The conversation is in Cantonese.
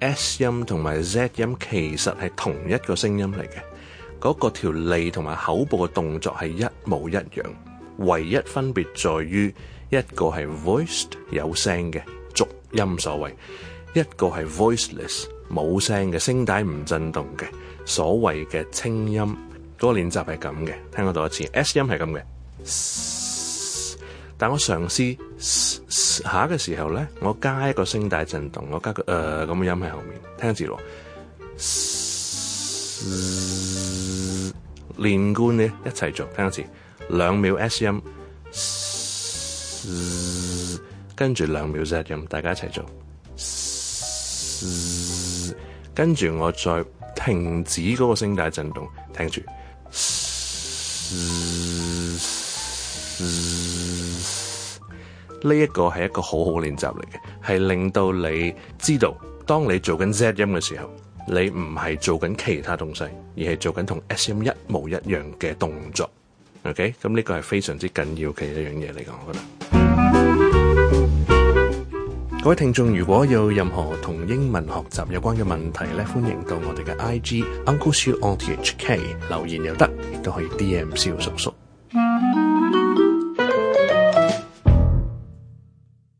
S, S 音同埋 Z 音其實係同一個聲音嚟嘅，嗰、那個條脷同埋口部嘅動作係一模一樣，唯一分別在於一個係 voiced 有聲嘅濁音所 iceless，所謂一個係 voiceless 冇聲嘅聲帶唔振動嘅所謂嘅清音。嗰、那個練習係咁嘅，聽我多一次。S 音係咁嘅。S 但我嘗試下嘅個時候咧，我加一個聲帶震動，我加個誒咁嘅音喺後面，聽下字囉，連貫咧一齊做，聽下字，兩秒 S 音， 嗯、 跟住兩秒 Z 音，大家一齊做，嗯、跟住我再停止嗰個聲帶震動，聽住。呢一個係一個好好練習嚟嘅，係令到你知道，當你做緊 Z 音嘅時候，你唔係做緊其他東西，而係做緊同 S 音一模一樣嘅動作。OK，咁、嗯、呢、呢個係非常之緊要嘅一樣嘢嚟講，我覺得。各位聽眾如果有任何同英文學習有關嘅問題咧，歡迎到我哋嘅 IG Uncle s、si、h e a u O T H K 留言又得，亦都可以 D M 蕭叔叔。